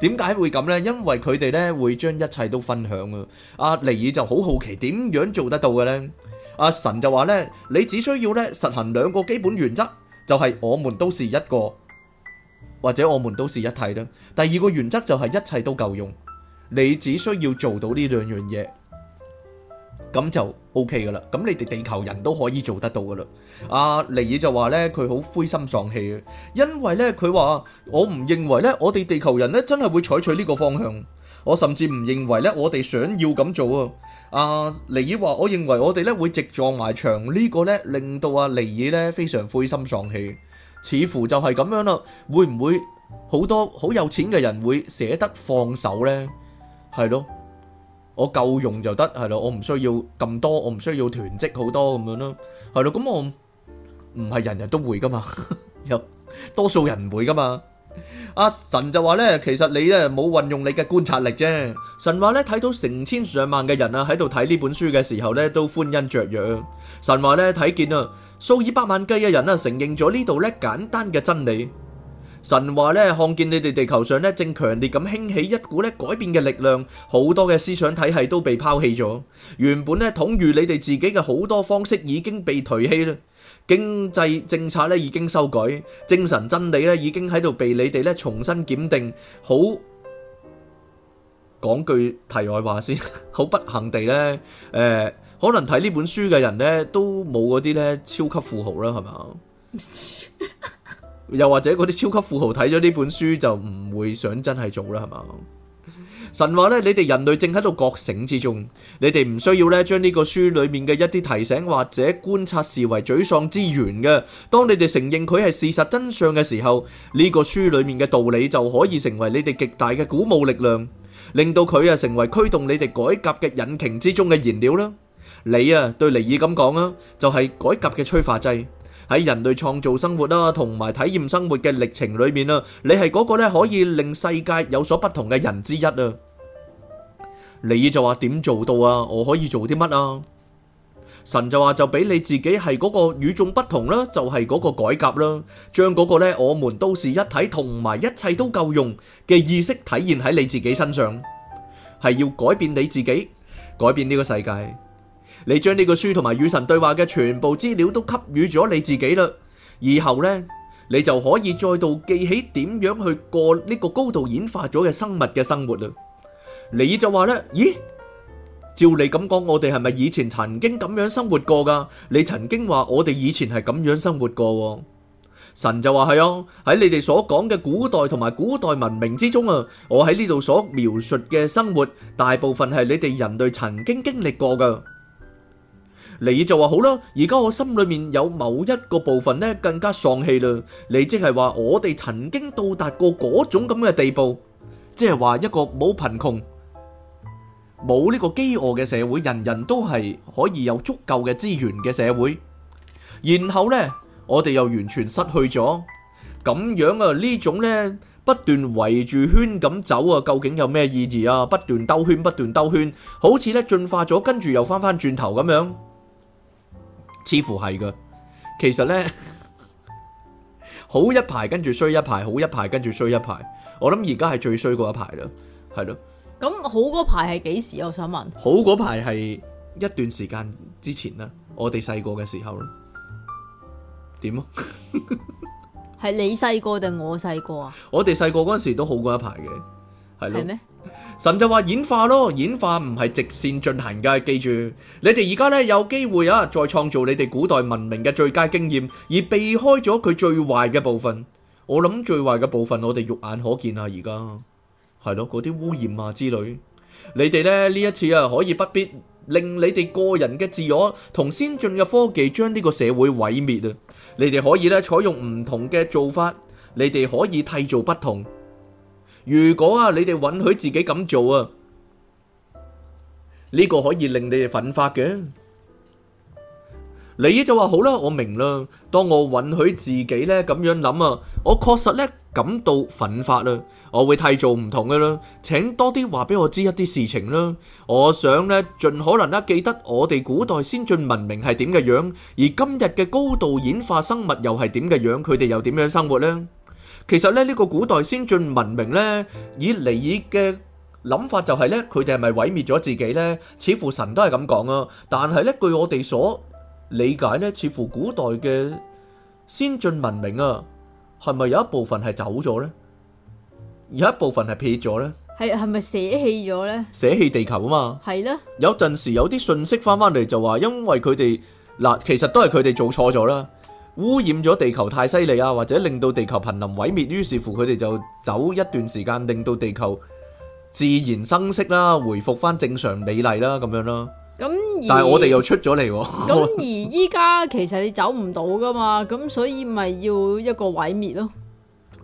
點解會咁呢？因為佢哋呢會將一切都分享啊！阿尼爾就好好奇點樣做得到嘅呢？阿、啊、神就話呢：「你只需要呢實行兩個基本原則，就係、是、我們都是一個，或者我們都是一體啦。第二個原則就係一切都夠用，你只需要做到呢兩樣嘢。咁就 OK 噶啦。咁你哋地球人都可以做得到噶啦。阿尼爾就話呢，佢好灰心喪氣嘅，因為呢，佢話我唔認為呢，我哋地球人呢真係會採取呢個方向，我甚至唔認為呢，我哋想要咁做啊。阿尼爾話，我認為我哋呢會直撞埋牆。呢個呢，令到阿尼爾呢非常灰心喪氣，似乎就係咁樣啦。會唔會好多好有錢嘅人會捨得放手呢？係咯。我夠用就得係咯，我唔需要咁多，我唔需要囤積好多咁樣咯，係咯，咁我唔係人人都會噶嘛， *laughs* 有，多數人唔會噶嘛。阿、啊、神就話咧，其實你咧冇運用你嘅觀察力啫。神話咧睇到成千上萬嘅人啊喺度睇呢本書嘅時候咧都歡欣雀躍。神話咧睇見啊數以百萬計嘅人啊承認咗呢度咧簡單嘅真理。神話呢，看見你哋地球上呢，正強烈咁興起一股呢改變嘅力量，好多嘅思想體系都被拋棄咗。原本呢，統御你哋自己嘅好多方式已經被頹棄啦，經濟政策呢，已經修改，精神真理呢，已經喺度被你哋呢重新檢定。好講句題外話先，好不幸地呢，呃、可能睇呢本書嘅人呢，都冇嗰啲呢，超級富豪啦，係咪？ *laughs* 又或者嗰啲超級富豪睇咗呢本書就唔會想真係做啦，係嘛？神話呢，你哋人類正喺度覺醒之中，你哋唔需要呢將呢個書裡面嘅一啲提醒或者觀察視為沮喪之源嘅。當你哋承認佢係事實真相嘅時候，呢個書裡面嘅道理就可以成為你哋極大嘅鼓舞力量，令到佢啊成為驅動你哋改革嘅引擎之中嘅燃料啦。你啊對尼爾咁講啦，就係改革嘅催化劑。喺人類創造生活啦，同埋體驗生活嘅歷程裏面啦，你係嗰個咧可以令世界有所不同嘅人之一啊！你就話點做到啊？我可以做啲乜啊？神就話就俾你自己係嗰個與眾不同啦，就係嗰個改革啦，將嗰個咧我們都是一體同埋一切都夠用嘅意識體現喺你自己身上，係要改變你自己，改變呢個世界。你將呢個書同埋與神對話嘅全部資料都給予咗你自己嘞。以後呢，你就可以再度記起點樣去過呢個高度演化咗嘅生物嘅生活嘞。你就話咧，咦？照你咁講，我哋係咪以前曾經咁樣生活過噶？你曾經話我哋以前係咁樣生活過，神就話係哦。喺你哋所講嘅古代同埋古代文明之中啊，我喺呢度所描述嘅生活，大部分係你哋人類曾經經歷過噶。你就話好啦，而家我心裏面有某一個部分呢，更加喪氣啦。你即係話我哋曾經到達過嗰種咁嘅地步，即係話一個冇貧窮、冇呢個飢餓嘅社會，人人都係可以有足夠嘅資源嘅社會。然後呢，我哋又完全失去咗。咁樣啊，呢種呢，不斷圍住圈咁走啊，究竟有咩意義啊？不斷兜圈，不斷兜圈，好似呢進化咗，跟住又翻翻轉頭咁樣。似乎係噶，其實呢， *laughs* 好一排，跟住衰一排，好一排，跟住衰一排。我諗而家係最衰嗰一排啦，係咯。咁好嗰排係幾時？我想問。好嗰排係一段時間之前呢。我哋細個嘅時候咯。點啊？係你細個定我細個啊？我哋細個嗰陣時， *laughs* 時，時，時都好過一排嘅。係神就話演化咯，演化唔係直線進行噶，記住，你哋而家咧有機會啊，再創造你哋古代文明嘅最佳經驗，而避開咗佢最壞嘅部分。我諗最壞嘅部分，我哋肉眼可見啊，而家係咯，嗰啲污染啊之類，你哋咧呢一次啊可以不必令你哋個人嘅自我同先進嘅科技將呢個社會毀滅啊，你哋可以咧採用唔同嘅做法，你哋可以締造不同。如果啊，你哋允許自己咁做啊，呢個可以令你哋奮發嘅。你就話好啦，我明啦。當我允許自己咧咁樣諗啊，我確實咧感到奮發啦。我會替做唔同嘅啦，請多啲話俾我知一啲事情啦。我想咧盡可能啦記得我哋古代先進文明係點嘅樣，而今日嘅高度演化生物又係點嘅樣，佢哋又點樣生活咧？其實咧，呢個古代先進文明呢，以尼爾嘅諗法就係呢，佢哋係咪毀滅咗自己呢？似乎神都係咁講啊。但係呢，據我哋所理解呢，似乎古代嘅先進文明啊，係咪有一部分係走咗呢？有一部分係撇咗呢？係係咪捨棄咗呢？捨棄地球啊嘛？係啦的。有陣時有啲信息翻翻嚟就話，因為佢哋嗱，其實都係佢哋做錯咗啦。污染咗地球太犀利啊，或者令到地球瀕臨毀滅，於是乎佢哋就走一段時間，令到地球自然生息啦，回復翻正常美麗啦，咁樣啦。咁、嗯、但係我哋又出咗嚟喎。咁、嗯、 *laughs* 而依家其實你走唔到㗎嘛，咁所以咪要一個毀滅咯。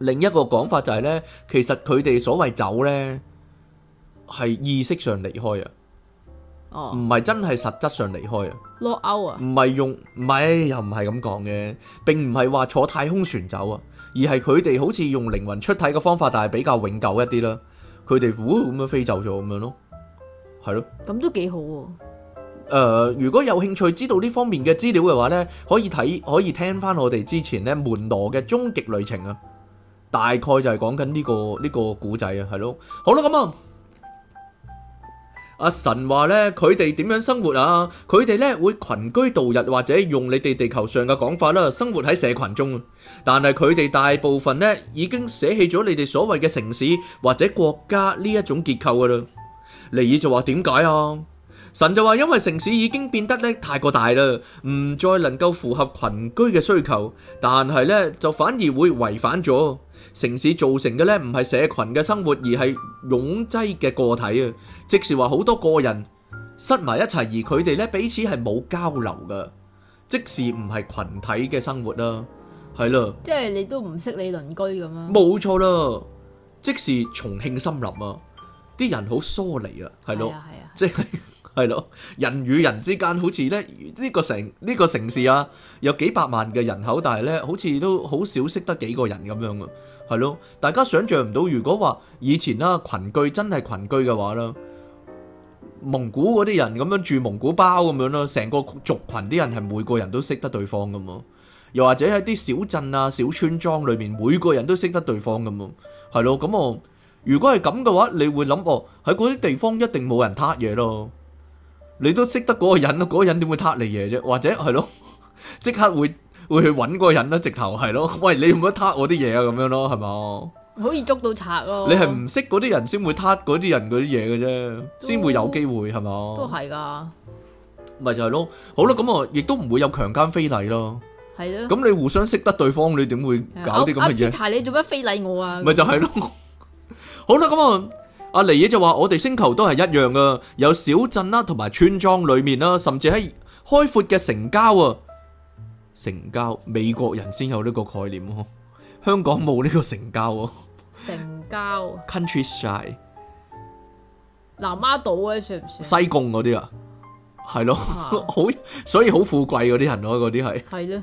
另一個講法就係、是、咧，其實佢哋所謂走咧，係意識上離開啊。唔係、oh. 真係實質上離開啊，攞歐啊？唔係用，唔係又唔係咁講嘅，並唔係話坐太空船走啊，而係佢哋好似用靈魂出體嘅方法，但係比較永久一啲啦。佢哋嗚咁樣飛走咗咁樣咯，係咯？咁都幾好喎、啊。誒、呃，如果有興趣知道呢方面嘅資料嘅話呢，可以睇可以聽翻我哋之前呢門羅嘅終極旅程啊，大概就係講緊呢個呢、呢個古仔啊，係咯。好啦，咁啊。阿神話咧，佢哋點樣生活啊？佢哋咧會群居度日，或者用你哋地球上嘅講法啦，生活喺社群中。但係佢哋大部分咧已經捨棄咗你哋所謂嘅城市或者國家呢一種結構噶啦。尼爾就話點解啊？神就話，因為城市已經變得咧太過大啦，唔再能夠符合群居嘅需求，但係咧就反而會違反咗城市造成嘅咧，唔係社群嘅生活，而係擁擠嘅個體啊。即使話好多個人塞埋一齊，而佢哋咧彼此係冇交流噶，即使唔係群體嘅生活啦，係咯。即係你都唔識你鄰居咁啊？冇錯啦，即使重慶森林啊，啲人好疏離啊，係咯，係啊，即係。係咯，人與人之間好似咧呢個城呢個城市啊，有幾百萬嘅人口，但係咧好似都好少識得幾個人咁樣。係咯，大家想象唔到，如果話以前啦，群居真係群居嘅話啦，蒙古嗰啲人咁樣住蒙古包咁樣咯，成個族羣啲人係每個人都識得對方咁咯。又或者喺啲小鎮啊、小村莊裏面，每個人都識得對方咁咯。係咯，咁我如果係咁嘅話，你會諗哦，喺嗰啲地方一定冇人撻嘢咯。你都識得嗰個人咯，嗰個人點會撻你嘢啫？或者係咯，即刻會會去揾嗰個人啦，直頭係咯。喂，你唔好撻我啲嘢啊，咁樣咯，係嘛？好易捉到賊咯。你係唔識嗰啲人先會撻嗰啲人嗰啲嘢嘅啫，先會有機會係嘛？都係㗎。咪就係咯。好啦，咁啊，亦都唔會有強姦非禮咯。係咯。咁你互相識得對方，你點會搞啲咁嘅嘢？阿傑泰，你做咩非禮我啊？咪就係咯。好啦，咁啊。阿尼嘢就話：我哋星球都係一樣噶，有小鎮啦、啊，同埋村莊裏面啦、啊，甚至喺開闊嘅城郊啊。城郊，美國人先有呢個概念咯、啊，香港冇呢個城郊啊。城郊交。 *laughs* Country side。南丫島啊，算唔算？西貢嗰啲啊，係咯，好， *laughs* *laughs* 所以好富貴嗰啲人咯、啊，嗰啲係。係咯的。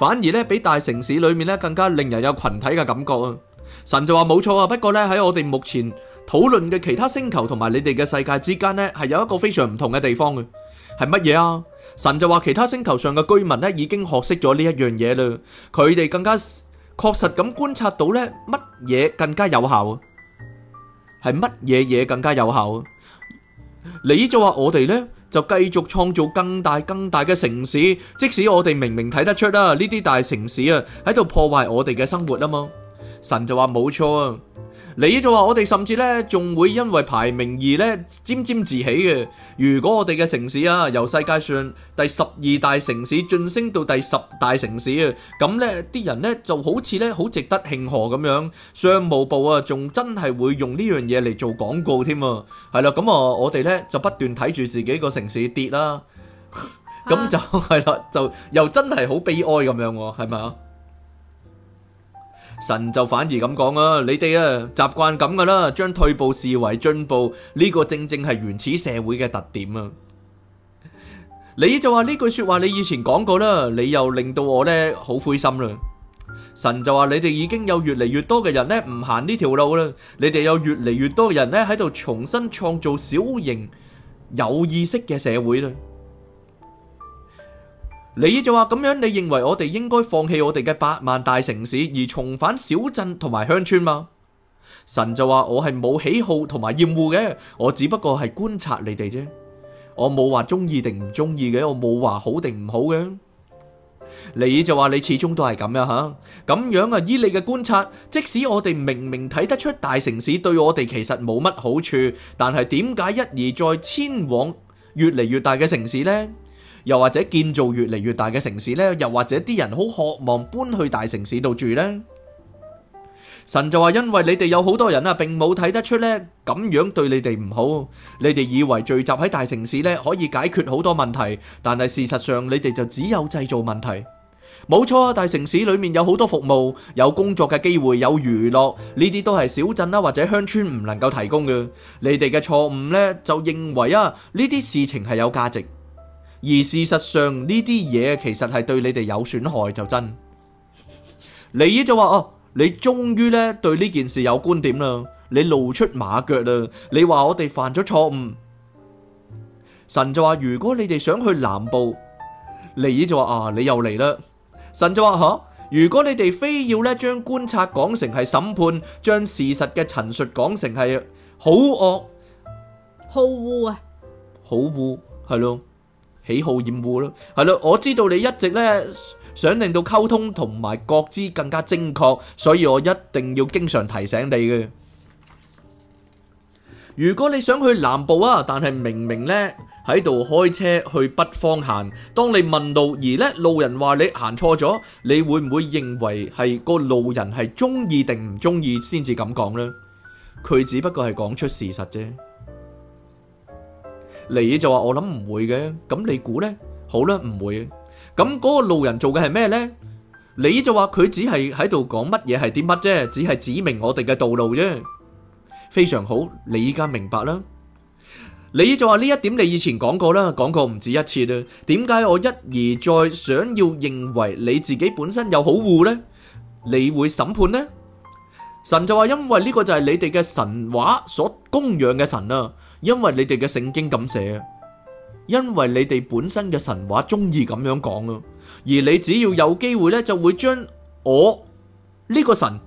反而咧，比大城市裏面咧，更加令人有群體嘅感覺啊。神就話冇錯啊，不過呢，喺我哋目前討論嘅其他星球同埋你哋嘅世界之間呢，係有一個非常唔同嘅地方嘅，係乜嘢啊？神就話，其他星球上嘅居民呢，已經學識咗呢一樣嘢啦，佢哋更加確實咁觀察到呢，乜嘢更加有效，係乜嘢嘢更加有效？你就話我哋呢就繼續創造更大更大嘅城市，即使我哋明明睇得出啦，呢啲大城市啊喺度破壞我哋嘅生活啊嘛。神就話冇錯啊，你就話我哋甚至呢仲會因為排名而呢沾沾自喜嘅。如果我哋嘅城市啊，由世界上第十二大城市晉升到第十大城市啊，咁呢啲人呢就好似呢好值得慶賀咁樣。商務部啊，仲真係會用呢樣嘢嚟做廣告添啊。係啦，咁 *laughs* 就啊，我哋呢就不斷睇住自己個城市跌啦，咁就係啦，就又真係好悲哀咁樣，係咪啊？神就反而咁講啊，你哋啊習慣咁噶啦，將退步視為進步，呢個正正係原始社會嘅特點啊。 *laughs* 你就話呢句說話，你以前講過啦，你又令到我呢好灰心啦。神就話你哋已經有越嚟越多嘅人呢唔行呢條路啦，你哋有越嚟越多人呢喺度重新創造小型有意識嘅社會啦。你就話咁樣，你認為我哋應該放棄我哋嘅百萬大城市，而重返小鎮同埋鄉村嗎？神就話我係冇喜好同埋厭惡嘅，我只不過係觀察你哋啫，我冇話中意定唔中意嘅，我冇話好定唔好嘅。你就話你始終都係咁樣吓，咁樣啊？依你嘅觀察，即使我哋明明睇得出大城市對我哋其實冇乜好處，但係點解一而再遷往越嚟越大嘅城市呢？又或者建造越嚟越大嘅城市呢，又或者啲人好渴望搬去大城市度住呢？神就話：因為你哋有好多人啊，並冇睇得出呢，咁樣對你哋唔好。你哋以為聚集喺大城市呢可以解決好多問題，但係事實上你哋就只有製造問題。冇錯啊，大城市裏面有好多服務、有工作嘅機會、有娛樂，呢啲都係小鎮啦、啊、或者鄉村唔能夠提供嘅。你哋嘅錯誤呢，就認為啊，呢啲事情係有價值。而事實上呢啲嘢其實係對你哋有損害就真。 *laughs* 尼爾就話：哦、啊，你終於咧對呢件事有觀點啦，你露出馬腳啦，你話我哋犯咗錯誤。神就話：如果你哋想去南部，尼爾就話：啊，你又嚟啦！神就話：嚇、啊，如果你哋非要咧將觀察講成係審判，將事實嘅陳述講成係好惡、好惡啊、好惡，係咯。喜好厭惡咯，係咯，我知道你一直呢想令到溝通同埋覺知更加精確，所以我一定要經常提醒你嘅。如果你想去南部啊，但係明明呢喺度開車去北方行，當你問路而呢路人話你行錯咗，你會唔會認為係個路人係中意定唔中意先至咁講呢？佢只不過係講出事實啫。你就話我諗唔會嘅，咁你估咧？好啦，唔會。咁嗰個路人做嘅係咩咧？你就話佢只係喺度講乜嘢係啲乜啫，只係指明我哋嘅道路啫。非常好，你依家明白啦。你就話呢一點你以前講過啦，講過唔止一次啦。點解我一而再想要認為你自己本身有好護咧？你會審判咧？神就話，因為呢個就係你哋嘅神話所供養嘅神啦，啊，因為你哋嘅聖經咁寫，因為你哋本身嘅神話中意咁樣講咯，而你只要有機會呢，就會將我呢，呢個神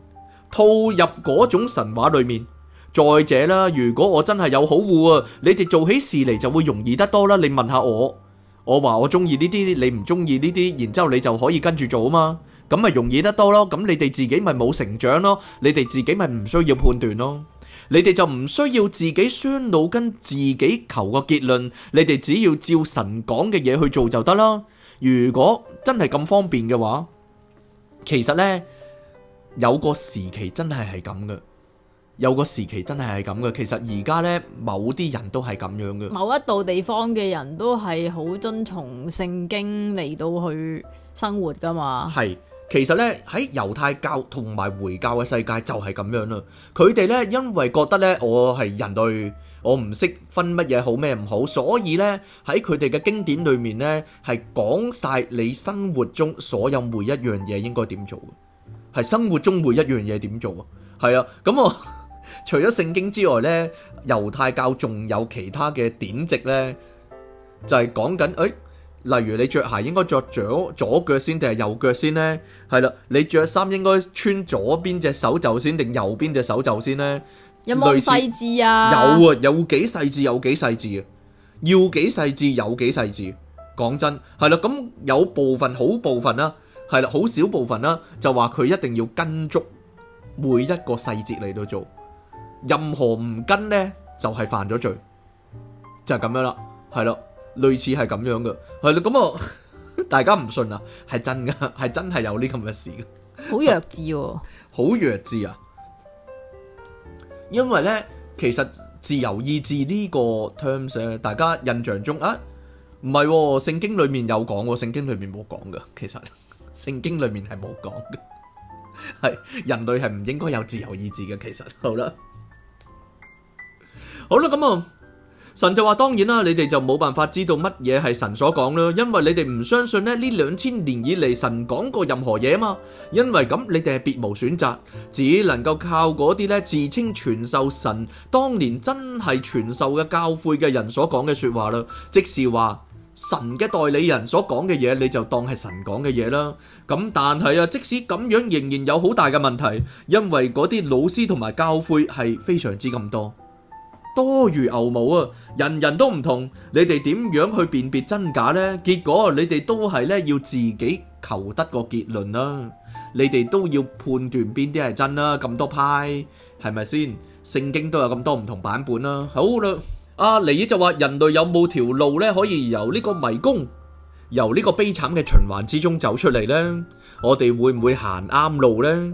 套入嗰種神話裏面。再者啦，如果我真係有好惡啊，你哋做起事嚟，就會容易得多啦。你問下我，我話我中意呢啲，你唔中意呢啲，然之後你就可以跟住做啊嘛。咁咪容易得多咯，咁你哋自己咪冇成長咯，你哋自己咪唔需要判斷咯，你哋就唔需要自己傷腦筋，自己求個結論，你哋只要照神講嘅嘢去做就得啦。如果真係咁方便嘅話，其實呢，有個時期真係係咁嘅，有個時期真係係咁嘅。其實而家呢，某啲人都係咁樣嘅，某一度地方嘅人都係好遵從聖經嚟到去生活㗎嘛，係。其實咧喺猶太教同埋回教嘅世界就係咁樣啦，佢哋咧因為覺得咧我係人類，我唔識分乜嘢好咩唔好，所以咧喺佢哋嘅經典裏面咧係講晒你生活中所有每一樣嘢應該點做，係生活中每一樣嘢點做啊，係啊，咁我除咗聖經之外咧，猶太教仲有其他嘅典籍咧，就係講緊誒。例如你著鞋應該著左左腳先定係右腳先咧？係啦，你著衫應該穿左邊隻手袖先定右邊隻手袖先咧？有冇咁細緻啊？有啊，有幾細緻有幾細緻啊？要幾細緻有幾細緻？講真係啦，咁有部分好部分啦，係啦，好少部分啦，就話佢一定要跟足每一個細節嚟到做，任何唔跟咧就係犯咗罪，就係咁樣啦，係咯。類似係咁樣嘅，係咯咁啊，大家唔信啊，係真噶，係真係有呢咁嘅事嘅。好弱智喎、哦！ *laughs* 好弱智啊！因為咧，其實自由意志呢個 terms 咧，大家印象中啊，唔係聖經裏面有講，聖經裏面冇講嘅。其實聖經裏面係冇講嘅，係人類係唔應該有自由意志嘅。其實好啦，好啦，咁啊。神就話：當然啦，你哋就冇辦法知道乜嘢係神所講啦，因為你哋唔相信咧呢兩千年以嚟神講過任何嘢嘛。因為咁，你哋係別無選擇，只能夠靠嗰啲咧自稱傳授神當年真係傳授嘅教誨嘅人所講嘅說話啦。即是話神嘅代理人所講嘅嘢，你就當係神講嘅嘢啦。咁但係啊，即使咁樣，仍然有好大嘅問題，因為嗰啲老師同埋教誨係非常之咁多。多如牛毛啊！人人都唔同，你哋點樣去辨別真假呢？結果你哋都係呢，要自己求得個結論啦。你哋都要判斷邊啲係真啦，咁多派系咪先？聖經都有咁多唔同版本啦。好啦，阿、啊、尼爾就話：人類有冇條路呢？可以由呢個迷宮、由呢個悲慘嘅循環之中走出嚟呢？我哋會唔會行啱路呢？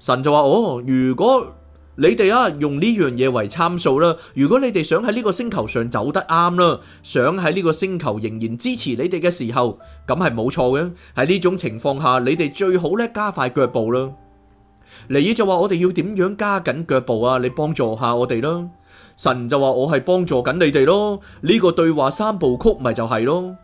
神就話：哦，如果你哋啊用呢樣嘢為參數啦，如果你哋想喺呢個星球上走得啱啦，想喺呢個星球仍然支持你哋嘅時候，咁係冇錯嘅。喺呢種情況下，你哋最好咧加快腳步啦。尼爾就話：我哋要點樣加緊腳步啊？你幫助下我哋啦。神就話：我係幫助緊你哋咯。呢個對話三部曲咪就係咯。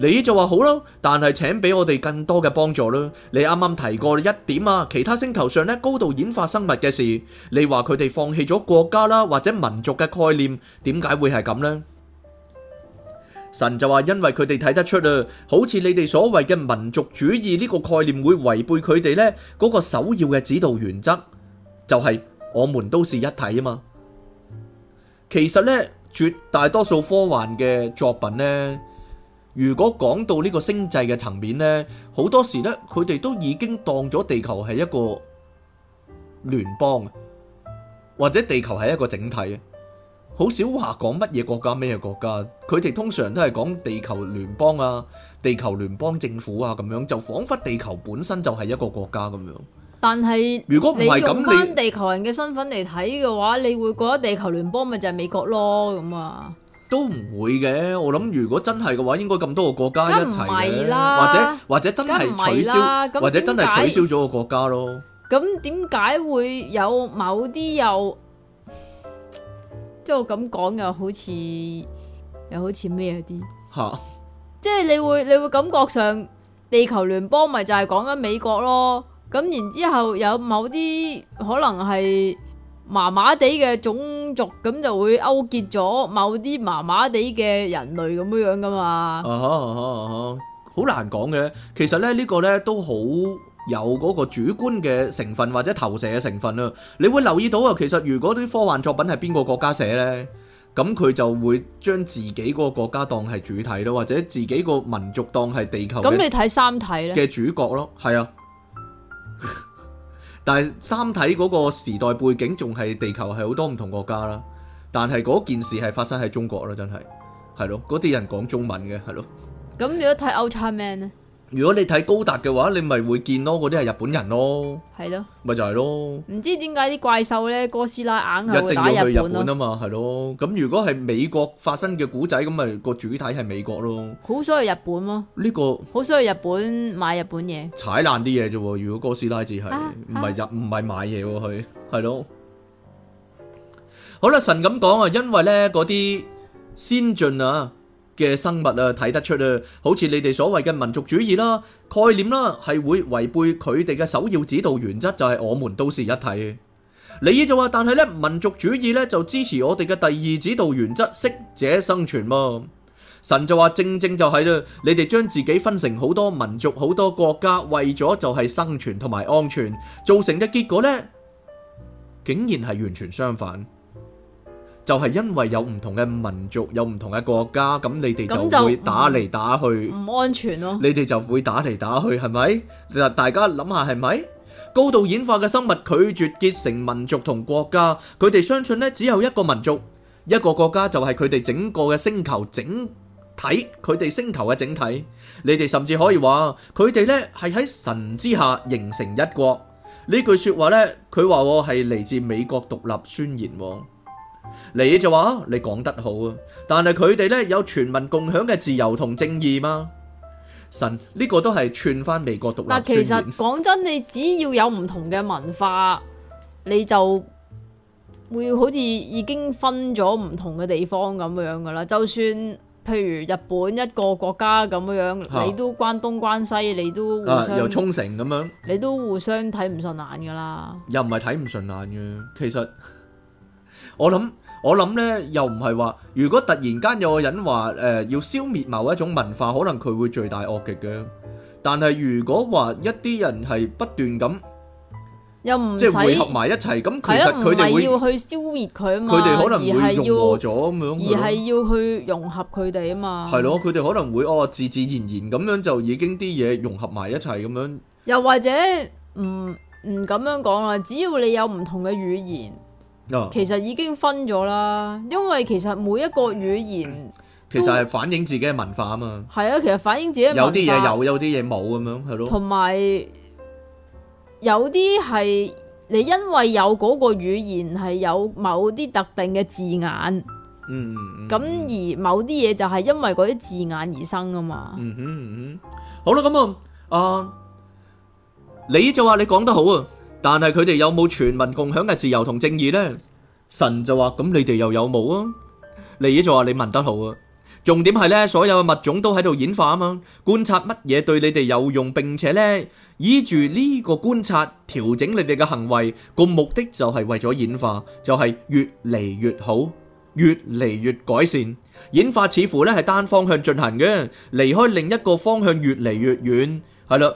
你就話好咯，但係請俾我哋更多嘅幫助咯。你啱啱提過一點啊，其他星球上呢，高度演化生物嘅事，你話佢哋放棄咗國家啦，或者民族嘅概念，點解會係咁呢？神就話，因為佢哋睇得出啊，好似你哋所謂嘅民族主義呢個概念會違背佢哋呢嗰個首要嘅指導原則，就係、是、我們都是一體啊嘛。其實呢，絕大多數科幻嘅作品呢。如果講到呢個星際嘅層面呢，好多時呢佢哋都已經當咗地球係一個聯邦，或者地球係一個整體，好少話講乜嘢國家咩國家。佢哋通常都係講地球聯邦啊、地球聯邦政府啊咁樣，就彷彿地球本身就係一個國家咁樣。但係如果唔係咁，你用返地球人嘅身份嚟睇嘅話，你會覺得地球聯邦咪就係美國咯咁啊？都唔會嘅，我諗如果真係嘅話，應該咁多個國家一齊，或者或者真係取消，或者真係取消咗個國家咯。咁點解會有某啲又即係我咁講，又好似又好似咩啲吓？即係你會你會感覺上地球聯邦咪就係講緊美國咯？咁然之後有某啲可能係。麻麻地嘅種族咁就會勾結咗某啲麻麻地嘅人類咁樣樣噶嘛？好、uh huh, uh huh, uh huh. 難講嘅。其實咧呢個呢都好有嗰個主觀嘅成分或者投射嘅成分啦。你會留意到啊，其實如果啲科幻作品係邊個國家寫呢，咁佢就會將自己個國家當係主體咯，或者自己個民族當係地球。咁你睇三體咧？嘅主角咯，係啊。但係三體嗰個時代背景仲係地球係好多唔同國家啦，但係嗰件事係發生喺中國啦，真係係咯，嗰啲人講中文嘅係咯。咁如果睇 Ultraman 咧？如果你睇高達嘅話，你咪會見咯，嗰啲係日本人咯，係咯，咪就係咯。唔知點解啲怪獸咧，哥斯拉硬係一定要去日本啊嘛，係咯。咁如果係美國發生嘅古仔，咁咪個主體係美國咯。好想去日本咯，呢、這個好想去日本買日本嘢。踩爛啲嘢啫，如果哥斯拉字係唔係日唔係買嘢佢係咯。好啦，神咁講啊，因為咧嗰啲先進啊，嘅生物啊，睇得出啊，好似你哋所謂嘅民族主義啦、概念啦，係會違背佢哋嘅首要指導原則，就係、是、我們都是一體。尼爾就話，但係咧民族主義咧就支持我哋嘅第二指導原則，適者生存嘛。神就話，正正就係、是、啦，你哋將自己分成好多民族、好多國家，為咗就係生存同埋安全，造成嘅結果呢，竟然係完全相反。就係因為有唔同嘅民族，有唔同嘅國家，咁你哋就會打嚟打去，唔安全咯。你哋就會打嚟打去，係咪？嗱，大家諗下係咪高度演化嘅生物拒絕結成民族同國家，佢哋相信呢，只有一個民族、一個國家，就係佢哋整個嘅星球整體，佢哋星球嘅整體。你哋甚至可以話佢哋呢係喺神之下形成一國呢句說話呢，佢話我係嚟自美國獨立宣言。你就話，你講得好啊，但係佢哋呢有全民共享嘅自由同正義嗎？神呢、這個都係串翻美國獨立宣言。但其實講 *laughs* 真，你只要有唔同嘅文化，你就會好似已經分咗唔同嘅地方咁樣噶啦。就算譬如日本一個國家咁樣哈你都關東關西，你都互相啊又沖繩咁樣，你都互相睇唔順眼噶啦。又唔係睇唔順眼嘅，其實。我諗我諗咧，又唔係話如果突然間有個人話誒要消滅某一種文化，可能佢會罪大惡極嘅。但係如果話一啲人係不斷咁，又唔即係會合埋一齊咁，其實佢哋唔係要去消滅佢啊嘛，佢哋可能會融合咗咁樣，而係要去融合佢哋啊嘛。係咯，佢哋可能會哦，自自然然咁樣就已經啲嘢融合埋一齊咁樣。又或者唔唔咁樣講啦，只要你有唔同嘅語言。其實已經分咗啦，因為其實每一個語言其實係反映自己嘅文化啊嘛。係啊，其實反映自己有啲嘢有，有啲嘢冇咁樣，係咯。同埋有啲係你因為有嗰個語言係有某啲特定嘅字眼，嗯，嗯，嗯，嗯，嗯，咁而某啲嘢就係因為嗰啲字眼而生㗎嘛。嗯哼，嗯，好啦，咁啊，阿你就話你講得好啊。嗯但係佢哋有冇全民共享嘅自由同正義呢？神就話：咁你哋又有冇啊？嚟嘢，就話你問得好啊！重點係呢，所有嘅物種都喺度演化啊嘛！觀察乜嘢對你哋有用，並且呢依住呢個觀察調整你哋嘅行為，個目的就係為咗演化，就係越嚟越好，越嚟越改善。演化似乎呢係單方向進行嘅，離開另一個方向越嚟越遠，係啦。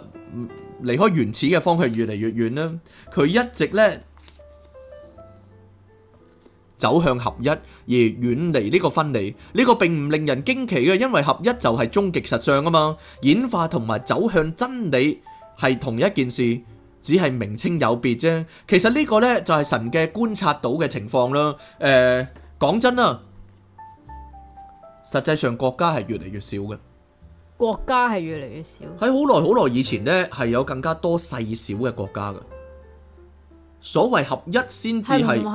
離開原始嘅方向越嚟越遠啦，佢一直咧走向合一，而遠離呢個分離。呢、這個並唔令人驚奇嘅，因為合一就係終極實相啊嘛。演化同埋走向真理係同一件事，只係名稱有別啫。其實呢個呢就係、是、神嘅觀察到嘅情況啦。誒、呃，講真啊，實際上國家係越嚟越少嘅。國家係越嚟越少，喺好耐好耐以前呢，係有更加多細小嘅國家嘅。所謂合一先至係，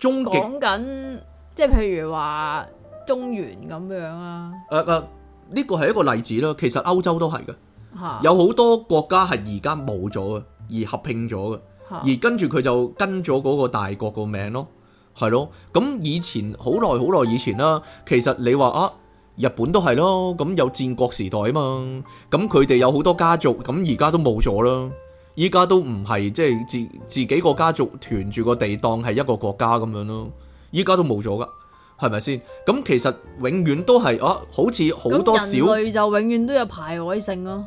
終極，係唔係？講緊即係譬如話中原咁樣啊。誒誒、啊，呢個係一個例子咯。其實歐洲都係嘅，哈有好多國家係而家冇咗嘅，而合併咗嘅，哈而跟住佢就跟咗嗰個大國個名咯，係咯。咁、嗯、以前好耐好耐以前啦，其實你話啊。日本都係咯，咁有戰國時代啊嘛，咁佢哋有好多家族，咁而家都冇咗啦。依家都唔係即係自自己個家族團住個地當係一個國家咁樣咯，依家都冇咗噶，係咪先？咁其實永遠都係啊，好似好多小人類就永遠都有排外性咯、啊。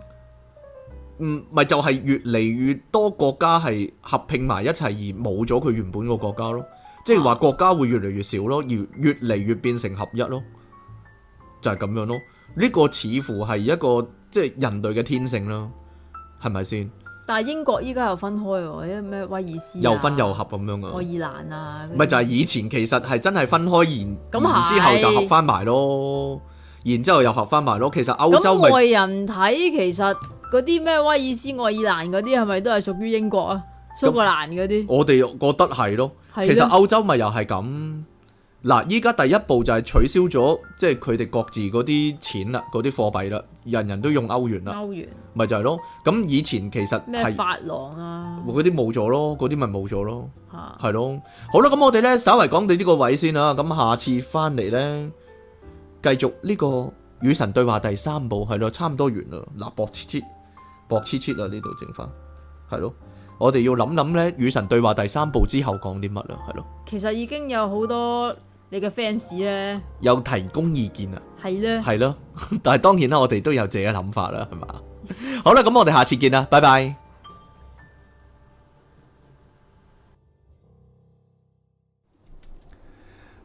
嗯，咪就係、是、越嚟越多國家係合併埋一齊而冇咗佢原本個國家咯，即係話國家會越嚟越少咯，而越嚟越，越變成合一咯。就係咁樣咯，呢個似乎係一個即係人類嘅天性啦，係咪先？但係英國依家又分開喎，啲咩威爾斯、啊、又分又合咁樣噶。愛爾蘭啊，咪就係以前其實係真係分開，然然之後就合翻埋咯，然之後又合翻埋咯。其實歐洲、就是、外人睇其實嗰啲咩威爾斯、愛爾蘭嗰啲係咪都係屬於英國啊？蘇格蘭嗰啲，我哋覺得係咯，其實歐洲咪又係咁。嗱，依家第一步就係取消咗，即係佢哋各自嗰啲錢啦，嗰啲貨幣啦，人人都用歐元啦，歐元，咪就係咯。咁以前其實咩法郎啊，嗰啲冇咗咯，嗰啲咪冇咗咯，係咯、啊。好啦，咁我哋咧稍微講到呢個位先啊，咁下次翻嚟咧，繼續呢個與神對話第三步係咯，差唔多完啦，嗱薄切切薄切切啊，呢度整翻係咯，我哋要諗諗咧，與神對話第三步之後講啲乜啊，係咯，其實已經有好多。你嘅 fans 咧有提供意見啊，呢，係咯，係咯，但係當然啦，我哋都有自己嘅諗法啦，係嘛？ *laughs* 好啦，咁我哋下次見啦，拜拜。